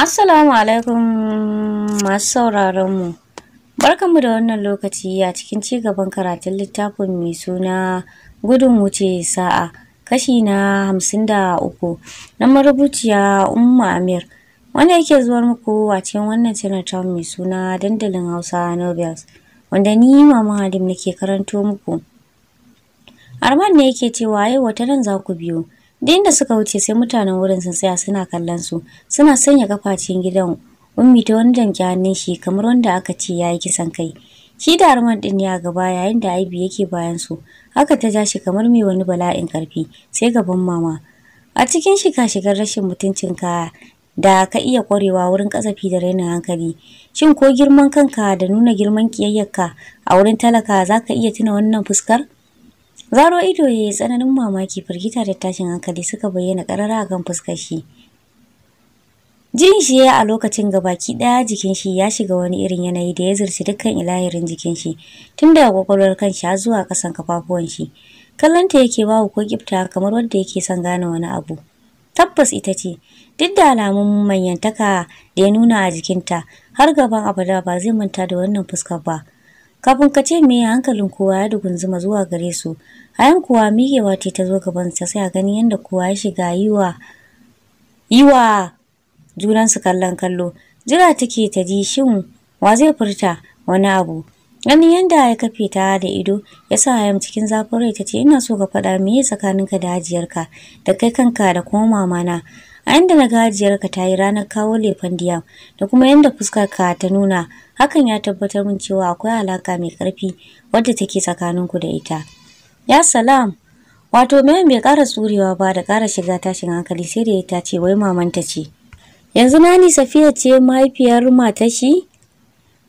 Assalamu alaikum masu sauraron mu. Barkanmu da wannan lokaci a cikin ci gaban karatun littafin mai suna gudun wuce sa'a kashi na hamsin da uku na marubuciya Umma Amir wanda yake zuwa muku a cikin wannan channel mai suna dandalin Hausa Nobels wanda ni Mama Halim nake karanto muku. Arman ne yake cewa yau wata nan za ku biyo. da suka wuce sai mutanen wurin sun tsaya suna kallon su suna sanya kafacin gidan ummi ta wani danke shi kamar wanda aka ce ya yi kisan kai shi da arman din ya gaba yayin da aibi yake bayan su haka ta ja shi kamar mai wani bala'in karfi sai gaban mama a cikin shiga shigar rashin mutuncin ka da ka iya kwarewa wurin kasafi da rainin hankali shin ko girman kanka da nuna girman kiyayyarka a wurin talaka za ka iya tuna wannan fuskar Zaro ido ya yi tsananin mamaki firgita da tashin hankali suka bayyana ƙarara a kan fuskar shi. Jin shi ya a lokacin gabaki ɗaya jikin shi ya shiga wani irin yanayi da ya zurci dukkan ilahirin jikin shi tun daga kwakwalwar kan shi har zuwa ƙasan kafafuwan shi. Kallonta yake bawa ko gifta kamar wanda yake son gane wani abu. Tabbas ita ce, duk da alamun manyantaka da ya nuna a jikinta har gaban abada ba zai manta da wannan fuskar ba. Kafin ka ce me hankalin kowa ya dugunzuma zuwa gare su, hayan kowa miƙewa ce ta zo gabansa sai a gani yadda kowa ya shiga yiwa yiwa junansu kallon kallo. Jira take ta ji shin wa zai furta wani abu. Ganin yadda ya kafe ta da ido ya sa Hayam cikin zafin rai ta ce ina so ka faɗa me tsakaninka da hajiyarka da kai kanka da kuma mamana a yanda na gajiyarka ta yi ranar kawo lefen diyam da kuma yanda ka ta nuna hakan ya tabbatar min cewa akwai alaka mai karfi wadda take tsakanin ku da ita ya salam wato mayan bai ƙara tsurewa ba da kara shiga tashin hankali sai da ita ce wai mamanta ce yanzu nani safiya ce mahaifiyar ta shi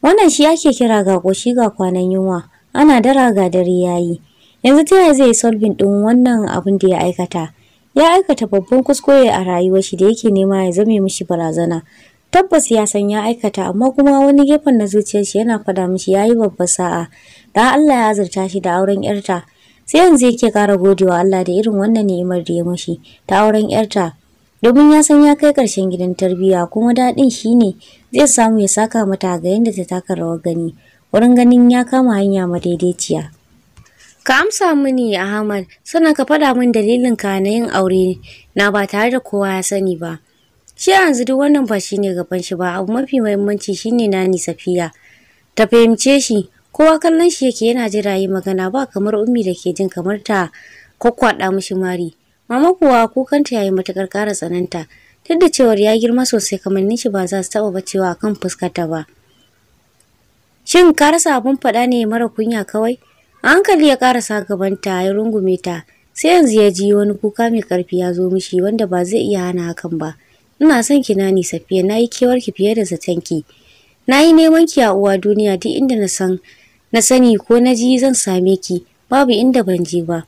wannan shi ake kira ga ƙoshi ga kwanan yunwa ana dara ga dare yayi yanzu ta yaya zai solving ɗin wannan abin da ya aikata ya aikata babban kuskure a rayuwar shi da yake nema ya zame mishi barazana tabbas ya san ya aikata amma kuma wani gefen na zuciyar shi yana fada mishi yayi babbar sa'a da Allah ya azurta shi da auren yarta sai yanzu yake kara godewa Allah da irin wannan ni'imar da ya mishi ta auren yarta domin ya san ya kai karshen gidan tarbiyya kuma daɗin shi ne zai samu ya saka mata ga yadda ta taka rawar gani wurin ganin ya kama hanya madaidaiciya. Ka amsa mini Ahmad, sannan ka faɗa min dalilin ka na yin aure na ba tare da kowa ya sani ba. Shi yanzu duk wannan ba shine gaban shi ba, abu mafi muhimmanci shine ni Safiya. Ta fahimce shi, kowa kallon shi yake yana jira yi magana ba kamar ummi da ke jin kamar ta kwakwada mishi mari. Mama kuwa kukanta yayi matakar ƙara tsananta, duk da cewar ya girma sosai kamar shi ba za su taɓa bacewa akan fuskarta ba. Shin ka rasa abun faɗa ne mara kunya kawai? A hankali ya ƙarasa gabanta ya rungume ta, sai yanzu ya ji wani kuka mai karfi ya zo mishi wanda ba zai iya hana hakan ba. Ina son ki nani Safiya, nayi yi ki fiye da zaton ki nayi neman ki a uwa duniya duk inda na san na sani ko na ji zan same ki, babu inda ban je ba.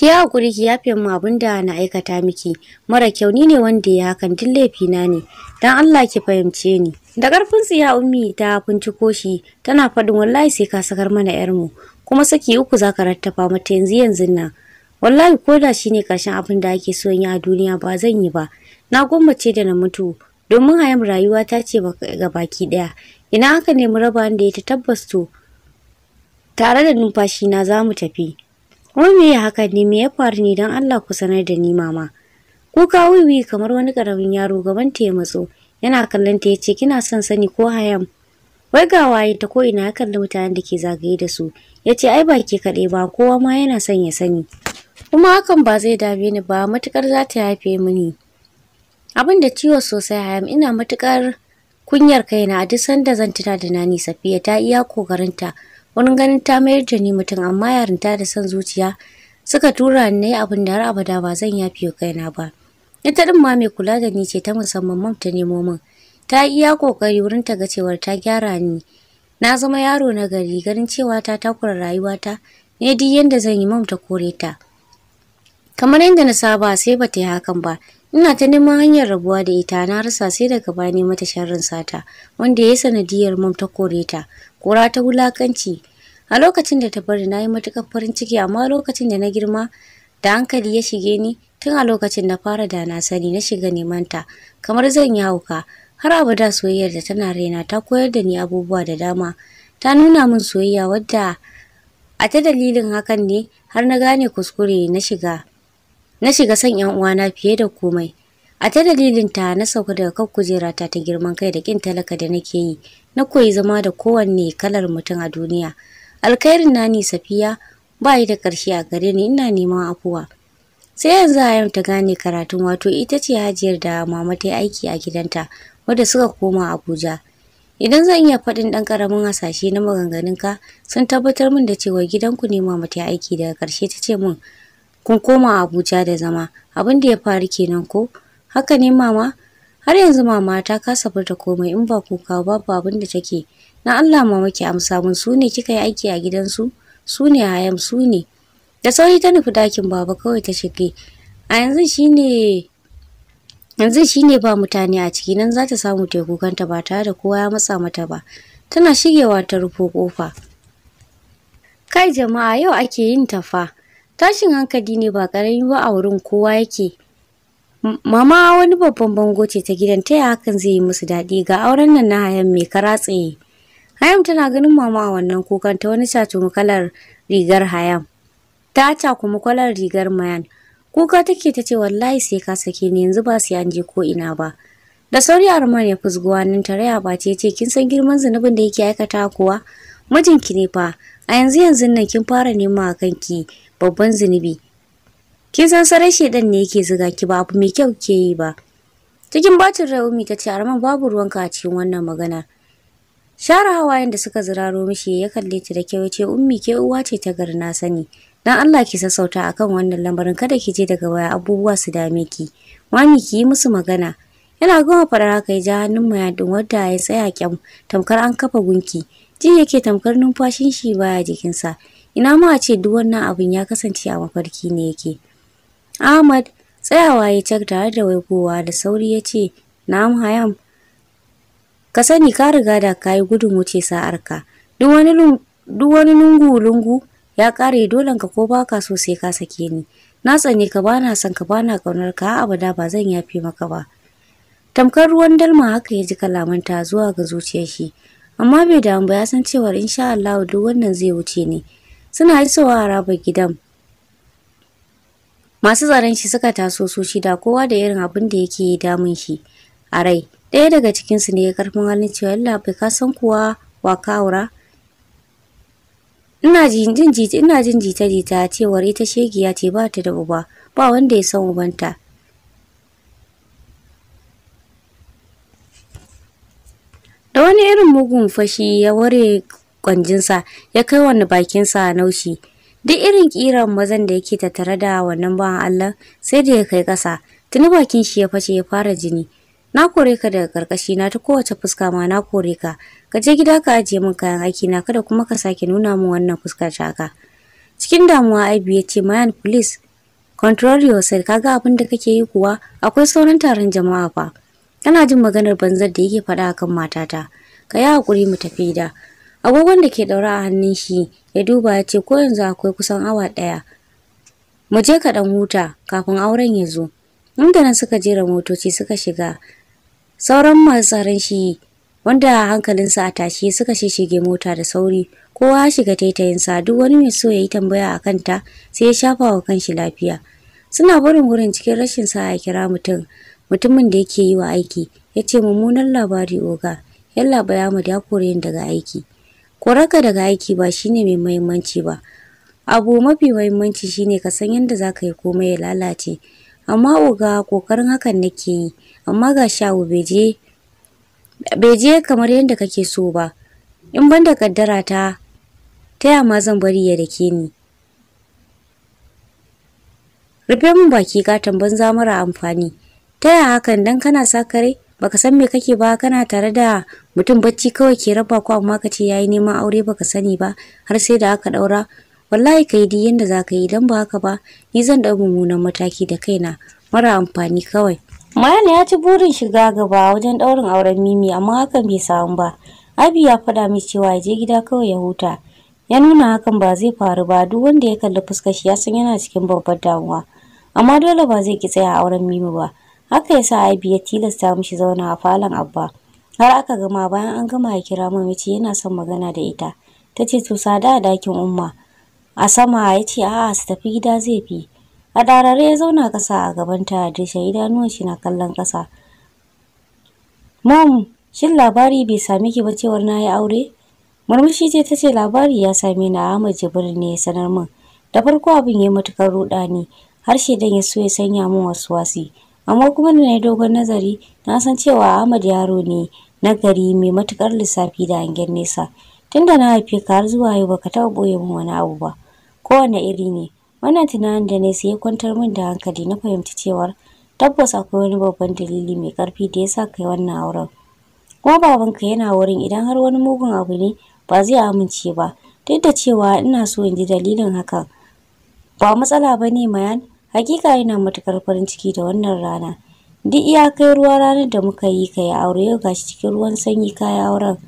Ki ya haƙuri ki yafe mu abin da na aikata miki. Mara kyau ni ne wanda ya hakan laifi laifina ne. Dan Allah ki fahimce ni. Da ƙarfin tsiya ummi ta binciko shi tana faɗin wallahi sai ka sakar mana yar mu. Kuma saki uku za ka rattafa mata yanzu yanzu nan. Wallahi ko da shi ne abin da ake so yi a duniya ba zan yi ba. Na gwammace da na mutu domin hayan rayuwa ta ce ga baki ɗaya. Ina aka nemi raba da ya ta tabbas to. Tare da numfashi na za mu tafi. Wai me haka ne me ya faru ne don Allah ku sanar da ni mama. Kuka wiwi kamar wani karamin yaro gaban ta ya matso yana kallon ta yace kina son sani ko hayam. Wai ga waye ta ko ina ya kalli mutanen da ke zagaye da su yace ai ba ke kaɗai ba kowa ma yana son ya sani. Kuma hakan ba zai dame ni ba matukar za ta haife mini. Abin da ciwo sosai hayam ina matukar kunyar kaina a duk sanda zan tuna da nani safiya ta iya kokarinta wani ganin ta mayar da ni mutum amma yarinta da son zuciya suka tura ni nayi abin da har abada ba zan yafe kaina ba ita din ma mai kula da ni ce ta musamman mam ta nemo min ta yi iya kokari wurin ta ga cewar ta gyara ni na zama yaro na gari ganin cewa ta takura rayuwata ne duk yanda zan yi mam ta kore ta kamar yadda na saba sai ba ta yi hakan ba ina ta neman hanyar rabuwa da ita na rasa sai daga baya ne mata sharrin sata wanda ya yi sanadiyar mam ta kore ta Kura ta wulakanci a lokacin da ta bari na yi matuƙar farin ciki amma lokacin da na girma da hankali ya shige ni tun a lokacin da fara da na sani na shiga neman ta kamar zan yi hauka har abada soyayyar da tana raina ta koyar da ni abubuwa da dama ta nuna min soyayya wadda a ta dalilin hakan ne har na gane kuskure na shiga na shiga son yan uwana fiye da komai A ta dalilin ta, na sauka daga kan kujerata ta girman kai da kin talaka da nake yi, na koyi zama da kowanne kalar mutum a duniya. Alkhairin na ni safiya ba yi da ƙarshe a gare ni ina neman afuwa. Sai yanzu a ta gane karatun wato ita ce hajiyar da mama ta yi aiki a gidanta wadda suka koma Abuja. Idan zan iya faɗin ɗan ƙaramin hasashe na ka sun tabbatar min da cewa gidanku ne mama ta yi aiki daga ƙarshe ta ce min kun koma Abuja da zama abin da ya faru kenan ko haka ne mama har yanzu mama ta kasa furta komai in ba kuka babu abin da take na Allah mama ki amsa mun su ne kika yi aiki a gidansu su ne hayam su ne da sauri ta nufi dakin baba kawai ta shige a yanzu shine yanzu shine ba mutane a ciki nan za ta samu tekukanta ba tare da kowa ya matsa mata ba tana shigewa ta rufo kofa kai jama'a yau ake yin tafa tashin hankali ne ba karami ba a wurin kowa yake Mama wani babban bango ce ta gidan taya hakan zai yi musu daɗi ga auren nan na hayan mai kara tsaye. Hayam tana ganin mama a wannan kukan ta wani cacumi kalar rigar Hayam. Ta kuma kalar rigar Mayan. Kuka take ta ce wallahi sai ka sake ni yanzu ba sai an je ko ina ba. Da sauri Arman ya fusguwa nan tare ya bace ce kin san girman zunubin da yake aikata kuwa? Mijinki ne fa a yanzu yanzu nan kin fara nema a kanki babban zunubi. Kin san sarai shedan ne yake zuga ki ba abu mai kyau ke yi ba. Cikin bacin rai Ummi ta ce Arman babu ruwanka a cikin wannan magana. Share hawayen da suka ziraro mishi ya kalle ta da kyau ce Ummi ke uwa ce ta gari na sani. Dan Allah ki sassauta akan wannan lamarin kada ki je daga baya abubuwa su dame ki. Mami ki yi musu magana. Yana gama faɗar haka ya ja hannun mayadin wadda ya tsaya kyam tamkar an kafa gunki. Ji yake tamkar numfashin shi baya jikinsa. Ina ma a ce duk wannan abin ya kasance a mafarki ne yake. Ahmad tsayawa ya cak tare da waigowa da sauri ya ce, Na'am Hayam, ka sani ka riga da ka yi gudun wuce sa'arka. Duk wani lungu-lungu ya ƙare dolen ka ko baka so sai ka sake ni. Na tsani ka bana son ka bana ƙaunar ka abada ba zan yafe maka ba. Tamkar ruwan dalma haka ya ji kalamanta zuwa ga zuciyar shi. amma bai damu ba ya san cewar insha Allah duk wannan zai wuce ne suna isowa a rabar gidan masu tsaron shi suka taso su shida kowa da irin abin da yake damun shi a rai ɗaya daga cikinsu ne ya karfin halin cewa yalla bai ka san kuwa wa kawura ina jin jita ina jita cewar ita shegiya ce ba ta da uba ba wanda ya san ubanta da wani irin mugun fashi ya ware kwanjinsa ya kai wani bakinsa naushi Duk irin ƙiran mazan da yake tattare da wannan bawan Allah sai da ya kai ƙasa, tuni bakin shi ya fashe ya fara jini. Na kore ka daga karkashi na ta kowace fuska ma na kore ka. Ka je gida ka ajiye min kayan aiki na kada kuma ka sake nuna min wannan fuska taka. Cikin damuwa Aibu ya ce Mayan police control yourself kaga abin da kake yi kuwa akwai sauran taron jama'a fa. Kana jin maganar banzar da yake faɗa akan matata. Ka yi haƙuri mu tafi fida. agogon da ke daura a hannun shi ya duba ya ce ko yanzu akwai kusan awa ɗaya mu je ka ɗan huta kafin auren ya zo inda nan suka jera motoci suka shiga sauran masu tsaron shi wanda hankalinsa a tashi suka shishige mota da sauri kowa ya shiga taitayinsa duk wani mai so ya yi tambaya a kanta sai ya shafa wa kanshi lafiya suna barin wurin cikin rashin sa a kira mutum mutumin da yake yi wa aiki ya ce mummunan labari oga yalla bayamud ya kore yin daga aiki koraka daga aiki ba shine mai muhimmanci ba. Abu mafi muhimmanci shine ka san yadda za ka yi komai ya lalace. Amma oga kokarin hakan nake yi, amma ga shawu bai je kamar yadda kake so ba. In ban kaddara ta taya ma zan bari ya dake ni. Rufe min baki katon banza mara amfani. Ta Taya hakan dan kana sakare? baka san me kake ba kana tare da mutum bacci kawai ke raba ku amma kace yayi neman aure baka sani ba har sai da aka daura wallahi kai di yanda zaka yi dan ba haka ba ni zan dau mummunan mataki da kaina mara amfani kawai Mayana ya ci burin shiga gaba wajen daurin auren Mimi amma hakan bai samu ba Abi ya faɗa min cewa ya je gida kawai ya huta ya nuna hakan ba zai faru ba duk wanda ya kalli fuskar shi ya san yana cikin babbar damuwa amma dole ba zai ki tsaya a auren Mimi ba haka yasa Abi ya tilasta mishi zauna a falon Abba har aka gama bayan an gama ya kira mun yace yana son magana da ita ta ce to sada a dakin umma a sama ya ce a'a su tafi gida zai fi a darare ya zauna kasa a gaban ta da idanuwan shi na kallon ƙasa mom shin labari bai sami ki ba cewar na yi aure murmushi ce ta ce labari ya sami ni Ahmad Jibril ne ya sanar min da farko abin ya matukar ruɗa ne har shedan ya so ya sanya min wasu wasi amma kuma da na yi dogon nazari na san cewa Ahmad yaro ne na gari mai matukar lissafi da hangen nesa tunda na haife ka har zuwa yau baka taɓa ɓoye min wani abu ba kowane iri ne wannan tunanin da na sai ya kwantar min da hankali na fahimci cewar tabbas akwai wani babban dalili mai ƙarfi da ya sa kai wannan auren kuma babanka yana wurin idan har wani mugun abu ne ba zai amince ba duk da cewa ina so in ji dalilin hakan ba matsala ba ne mayan Hakika ina matukar farin ciki da wannan rana. Duk iya kai ruwa ranar da muka yi ka yi aure yau gashi cikin ruwan sanyi ka ya auren.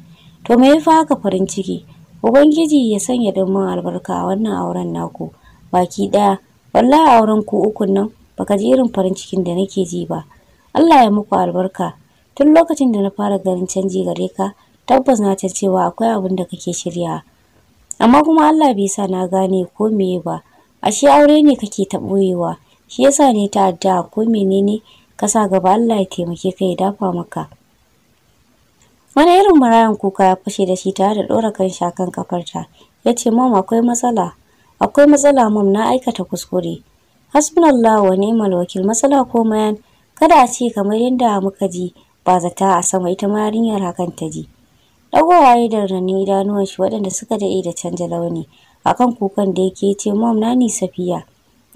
To me yafi haka farin ciki? Ubangiji ya sanya mun albarka a wannan auren naku. Baki daya, wallahi auren ku ukun nan baka ji irin farin cikin da nake ji ba. Allah ya muku albarka. Tun lokacin da na fara ganin canji gare ka, tabbas na ta cewa akwai abin da kake shirya. Amma kuma Allah bai sa na gane ko meye ba. ashe aure ne kake ta ɓoyewa shi yasa ne ta addu'a ko menene ka sa gaba Allah ya taimake ka ya dafa maka wani irin marayan kuka ya fashe da shi tare da ɗora kan shi akan kafarta ya ce mom akwai matsala akwai matsala mom na aikata kuskure hasbunallah wa ni'mal wakil matsala ko mayan kada a ce kamar yadda muka ji ba zata a sama ita ma yarinyar hakan ta ji dagowa ya da rani idanuwan shi waɗanda suka daɗe da canja launi akan kukan da yake ce mom nani safiya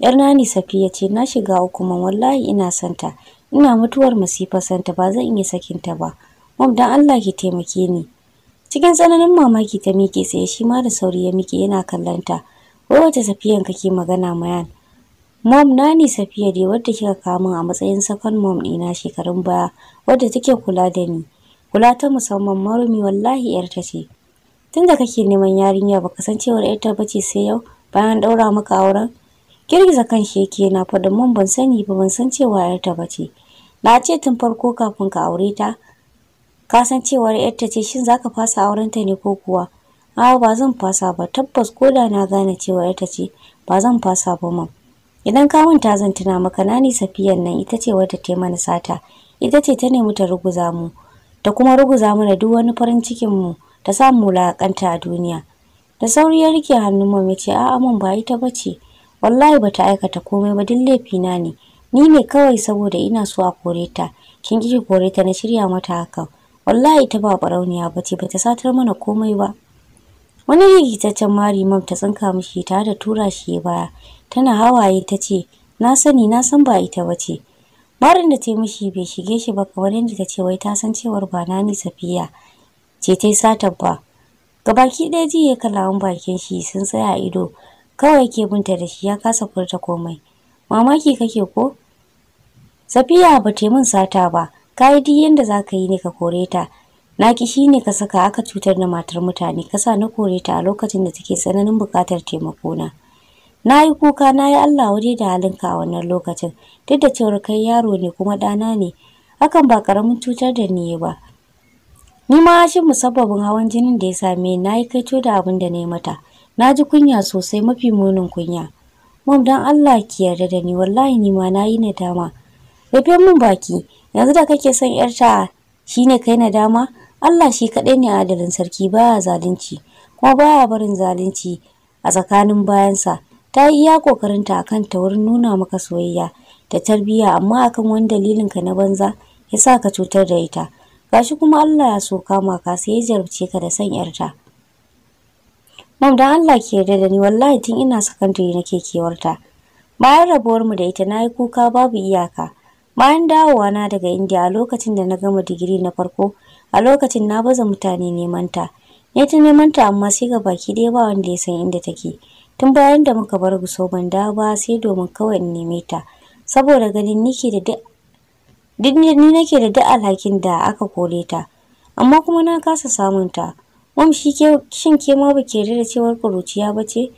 yar nani safiya ce na shiga uku man wallahi ina santa ina mutuwar masifa santa ba zan iya sakin ta ba mom dan Allah ki taimake ni cikin tsananin mamaki ta miƙe sai shi ma da sauri ya mike yana kallanta wai wata safiyan kake magana mayan mom nani safiya dai wadda kika kawo min a matsayin sakon mom ɗina shekarun baya wadda take kula da ni kula ta musamman marumi wallahi ta ce tunda kake neman yarinya ka san cewar yarta bace sai yau bayan daura maka auren girgiza kan shi yake yana faɗin mun ban sani ba ban san cewa yarta bace na ce tun farko kafin ka aure ta ka san cewar yarta ce shin zaka fasa auren ta ne ko kuwa a'a ba zan fasa ba tabbas ko da na gane cewa yarta ce ba zan fasa ba mu. idan ka manta zan tuna maka na nani safiyan nan ita ce wata ta mana sata ita ce ta nemi ta ruguza mu ta kuma ruguza mana duk wani farin cikin mu ta samu wulaƙanta a duniya da sauri ya rike hannun mamma ya ce a'a amon ba ita ba ce. wallahi ba ta aikata komai ba duk laifina ne ni ne kawai saboda ina so a kore ta kin kike kore ta na shirya mata hakan wallahi ta ba barauniya ba ce, bace ta satar mana komai ba wani rigitaccen mari mam ta tsinka mishi tare da tura shi ya baya tana hawaye ta ce na sani na san ba ita bace marin da ta mishi bai shige shi ba kamar yadda ta ce wai ta san cewar ba na ni safiya ce ta satar ba gabaki ɗaya ji ya an bakin shi sun tsaya a ido kawai ke binta da shi ya kasa furta komai mamaki kake ko safiya ba ta min sata ba ka yi duk yadda za ka yi ne ka kore ta na ki shi ne ka saka aka cutar da matar mutane ka sa na kore ta a lokacin da take tsananin buƙatar taimakona na yi kuka na yi allah waje da halinka a wannan lokacin duk da cewar kai yaro ne kuma ɗana ne hakan ba ƙaramin cutar da ni ba Ni ma shi musabbabin hawan jinin da ya same ni nayi yi kaito da abin da na yi mata. Na ji kunya sosai mafi munin kunya. Mom dan Allah ki yarda da ni wallahi ni ma na yi nadama. Rufe mun baki yanzu da kake son 'yar ta shine kai nadama Allah shi kaɗai ne adalin sarki baya zalunci kuma baya barin zalunci a tsakanin bayansa. Ta yi iya kokarinta akan ta wurin nuna maka soyayya da tarbiyya amma akan wani dalilin ka na banza ya sa ka cutar da ita. gashi kuma Allah ya so kama ka sai ya jarabce ka da san yarta Mam dan Allah ke yarda da ni wallahi tun ina sakandare nake kewarta bayan rabuwar mu da ita nayi kuka babu iyaka bayan dawowa na daga India a lokacin da na gama digiri na farko a lokacin na baza mutane neman ta ne ta neman ta amma sai ga baki ɗaya ba wanda ya san inda take tun bayan da muka bar gusoban ban ba sai domin kawai in neme ta saboda ganin niki da duk duk ni nake da duk alhakin da aka kore ta amma kuma na kasa samun ta mom shi ke shin ke ma ba ke da cewar kuruciya ba ce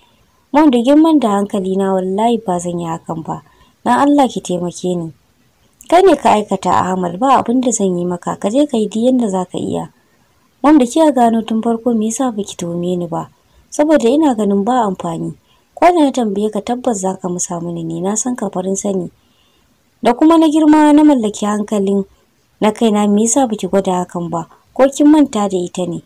mom da girman da hankali na wallahi ba zan yi hakan ba dan Allah ki taimake ni kai ne ka aikata Ahmad ba abin da zan yi maka ka je ka diyan da zaka iya mom da kika gano tun farko me yasa baki tome ni ba saboda ina ganin ba amfani ko na tambaye ka tabbas zaka musa mini ne na san ka farin sani da kuma na girma na mallaki hankalin na kaina me yasa biki gwada hakan ba ko kin manta da ita ne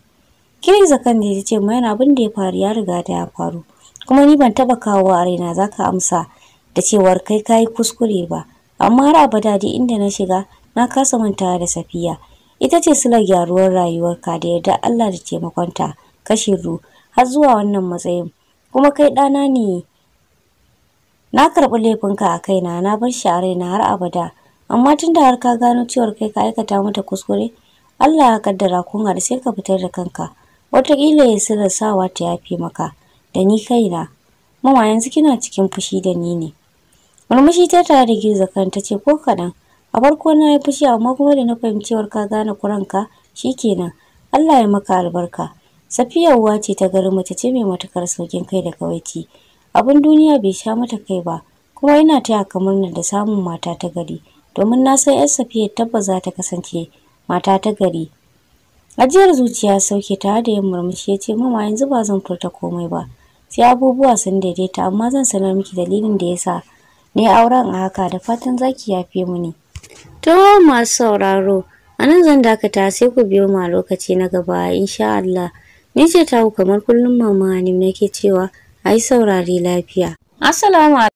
kiriza zakan da ce mai yana abin da ya faru ya riga da ya faru kuma ni ban taba kawo a raina zaka amsa da cewar kai kayi kuskure ba amma har abada dai inda na shiga na kasa mantawa da safiya ita ce silar gyaruwar rayuwarka da yarda Allah da taimakonta kashin ru har zuwa wannan matsayin kuma kai ɗana ne na karɓi laifinka a kaina na bar shi a raina har abada amma da har ka gano cewar kai ka aikata mata kuskure Allah ya kaddara kun da sai ka fitar da kanka wataƙila ya sirra sawa ta yafe maka da ni kaina mama yanzu kina cikin fushi da ni ne murmushi ta tare da girza kan ta ce ko kaɗan a farko na yi fushi amma kuma da na fahimcewar ka gane kuranka kenan. Allah ya maka albarka safiya uwa ce ta garin mace ce mai matukar saukin kai da kawaici abin duniya bai sha mata kai ba kuma yana taya kamar murna da samun mata ta gari domin na san yar safiya tabbas za ta kasance mata ta gari ajiyar zuciya sauke tare da yin murmushi ya ce mama yanzu ba zan furta komai ba sai abubuwa sun daidaita amma zan sanar miki dalilin da ya sa ne auren a haka da fatan zaki yafe mini to masu sauraro a nan zan dakata sai ku biyo ma lokaci na gaba insha Allah ni ce ku kamar kullum mama ne nake cewa ai saurari saurare lafiya. Assalamu